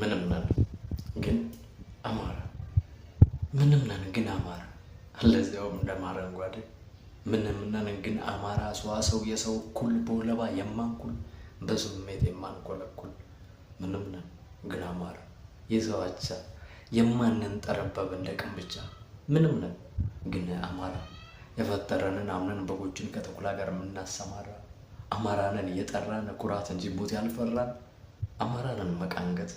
ምንም ነን ግን አማራ፣ ምንም ነን ግን አማራ፣ አለዚያውም እንደማረ አረንጓዴ። ምንም ነን ግን አማራ፣ ሰዋሰው የሰው እኩል፣ በወለባ የማንኩል፣ በስሜት የማንኮለኩል። ምንም ነን ግን አማራ፣ የሰው የማንን ጠረበብ እንደ ብቻ። ምንም ነን ግን አማራ፣ የፈጠረንን አምነን በጎችን ከተኩላ ጋር የምናሰማራ አማራንን የጠራን ኩራት እንጂ ቦት ያልፈራን አማራንን መቃንገት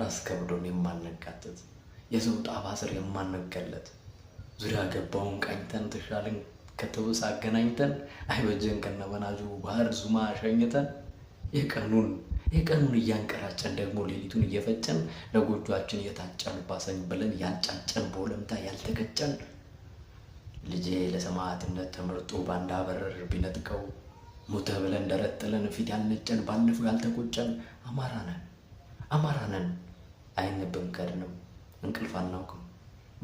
ራስ ከብዶን የማንጋተት የሰው ጣባ ስር የማንገለጥ ዙሪያ ገባውን ቀኝተን ትሻልን ከተውስ አገናኝተን አይበጀን ከነበናጁ ባህር ዙማ አሸኝተን የቀኑን የቀኑን እያንቀራጨን ደግሞ ሌሊቱን እየፈጨን ለጎጇችን የታጨን ባሰኝ ብለን ያልጫጨን በወለምታ ያልተገጨን ልጄ ለሰማዕትነት ተመርጦ ባንዳ በረር ቢነጥቀው ሙተ ብለን ደረጥለን ፊት ያልነጨን ባለፈው ያልተቆጨን አማራ ነን አማራ ነን። አይነብም ከድንም እንቅልፍ አናውቅም።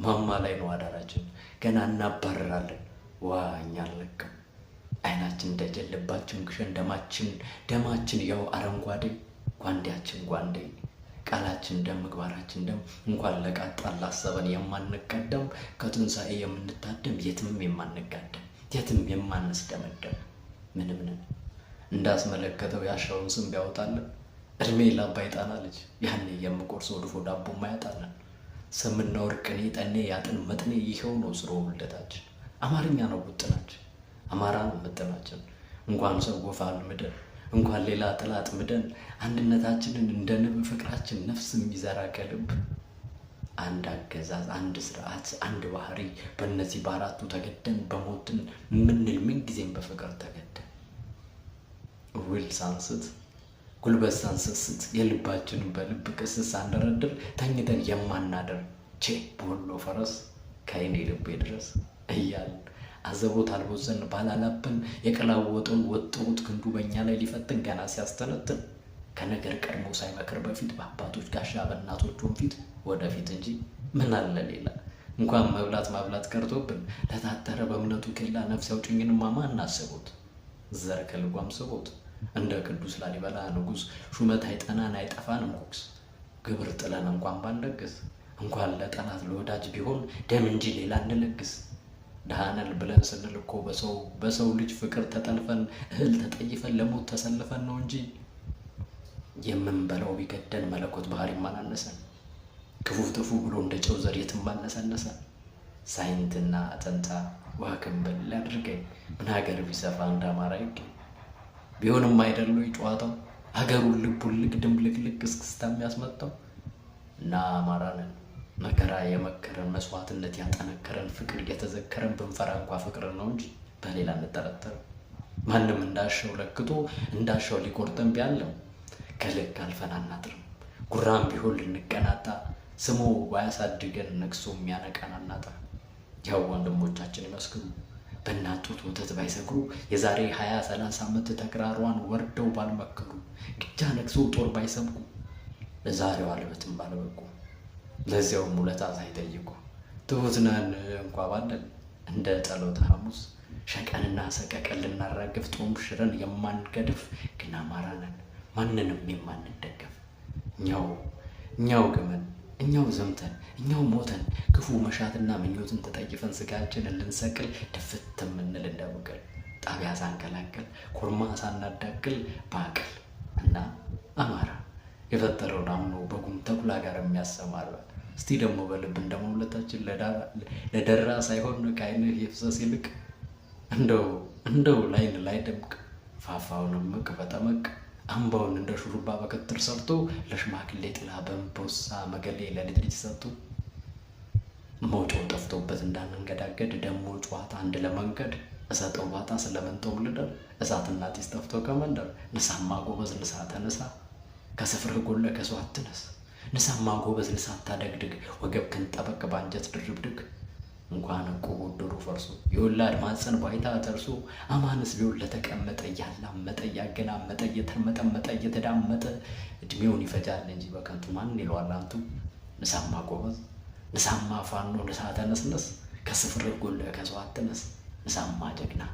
ማማ ላይ ነው አዳራችን። ገና እናባረራለን። ዋ እኛ አለቅም። አይናችን እንደጀለባችን ግሸን ደማችን ደማችን ያው አረንጓዴ ጓንዴያችን ጓንዴ ቃላችን ደም ምግባራችን ደም እንኳን ለቃጣን ላሰበን የማንቀደም ከትንሣኤ የምንታደም የትም የማንጋደም የትም የማንስደመደም ምንም ነን እንዳስመለከተው ያሻውን ስም ቢያወጣለን እድሜ ላባ ይጣና ልጅ ያኔ የምቆርሰው ወድፎ ዳቦ ማያጣለን ስምና ወርቅኔ ጠኔ ያጥን መጥኔ ይኸው ነው ስሮ ውልደታችን። አማርኛ ነው ውጥናችን፣ አማራ ነው ምጥናችን። እንኳን ሰው ጎፋን ምደን እንኳን ሌላ ጥላት ምደን አንድነታችንን እንደ ንብ ፍቅራችን ነፍስ የሚዘራ ከልብ አንድ አገዛዝ፣ አንድ ስርዓት፣ አንድ ባህሪ በእነዚህ በአራቱ ተገደን በሞትን ምንል ምንጊዜም በፍቅር ተገደን ውል ሳንስት ጉልበት ሳንሰስት የልባችንን በልብ ቅስስ ሳንደረድር ተኝተን የማናደር ቼ በወሎ ፈረስ ከይኔ ልቤ ድረስ እያል አዘቦት አልቦዘን ባላላብን የቀላወጠው ወጥሩት ክንዱ በእኛ ላይ ሊፈትን ገና ሲያስተነትን ከነገር ቀድሞ ሳይመክር በፊት በአባቶች ጋሻ በእናቶቹን ፊት ወደፊት እንጂ ምን አለ ሌላ እንኳን መብላት ማብላት ቀርቶብን ለታተረ በእምነቱ ኬላ ነፍስ ያውጭኝንማ ማን አስቦት ዘር ከልጓም ስቦት እንደ ቅዱስ ላሊበላ ንጉሥ ሹመት አይጠናን አይጠፋንም ኩክስ ግብር ጥለን እንኳን ባንለግስ እንኳን ለጠላት ለወዳጅ ቢሆን ደም እንጂ ሌላ እንለግስ። ደሃነን ብለን ስንል እኮ በሰው በሰው ልጅ ፍቅር ተጠልፈን እህል ተጠይፈን ለሞት ተሰልፈን ነው እንጂ የምንበላው ቢገደን መለኮት ባህሪ ማናነሰን ክፉ ጥፉ ብሎ እንደ ጨው ዘር ማነሰነሰ ሳይንትና አጠንታ ዋክንብል ሊያድርገኝ ምን ሀገር ቢሰፋ እንዳማራ ይገኝ ቢሆንም አይደሉ ጨዋታው ሀገሩን ልቡልቅ ድምልቅልቅ እስክስታ የሚያስመጣው እና አማራ መከራ የመከረን መስዋዕትነት ያጠነከረን ፍቅር የተዘከረን ብንፈራ እንኳ ፍቅር ነው እንጂ በሌላ እንጠረጠረው ማንም እንዳሻው ለክቶ እንዳሻው ሊቆርጠን ቢያለው ከልክ አልፈን አናጥርም። ጉራም ቢሆን ልንቀናጣ ስሙ ባያሳድገን ነግሶ የሚያነቃን አናጣ። ያው ወንድሞቻችን ይመስክሩ። በእናት ጡት ወተት ባይሰክሩ የዛሬ 20 30 ዓመት ተግራሯን ወርደው ባልመከሩ ግጃ ነግሶ ጦር ባይሰብኩ ለዛሬው አልበትም ባልበቁ ለዚያውም ውለታ ሳይጠይቁ ትሁት ነን እንኳ ባለን እንደ ጸሎተ ሐሙስ ሸቀንና ሰቀቀን ልናራግፍ ጦም ሽረን የማንገድፍ ግን አማራ ነን ማንንም የማንደገፍ እኛው እኛው ግመን እኛው ዘምተን እኛው ሞተን ክፉ መሻትና ምኞትን ተጠይፈን ስጋችንን ልንሰቅል ድፍት የምንል እንዳውቅል ጣቢያ ሳንቀላቅል ኮርማ ሳናዳቅል ባቅል እና አማራ የፈጠረውን አምኖ በጉም ተኩላ ጋር የሚያሰማራ እስቲ ደግሞ በልብ እንደመውለታችን ለደራ ሳይሆን ከአይንህ የፍሰስ ይልቅ እንደው እንደው ላይን ላይ ደምቅ ፋፋውንም ምቅ በጠመቅ አምባውን እንደ ሹሩባ በክትር ሰርቶ ለሽማግሌ ጥላ በንቦሳ መገሌ ለልጅ ልጅ ሰጡ። መውጫው ጠፍቶበት እንዳንንገዳገድ ደሞ ጨዋታ አንድ ለመንገድ እሰጠው ዋጣ ስለመንጠው ልደር እሳትና ጢስ ጠፍቶ ከመንደር ንሳማ ጎበዝ ንሳ ተንሳ ከስፍርህ ጎለ ከሰው አትነስ ንሳማ ጎበዝ ንሳ ታደግድግ ወገብ ክንጠበቅ ባንጀት ድርብድግ እንኳን እኮ ወደሩ ፈርሶ የወላድ ማፀን ባይታ ተርሶ አማንስ ቢሆን ለተቀመጠ እያላመጠ እያገላመጠ እየተመጠመጠ እየተዳመጠ እድሜውን ይፈጃል እንጂ በከንቱ ማን ይለዋል አንቱ። ንሳማ ጎበዝ ንሳማ ፋኖ ንሳ ተነስነስ ከስፍር ጎለ ከሰው አትነስ ንሳማ ጀግና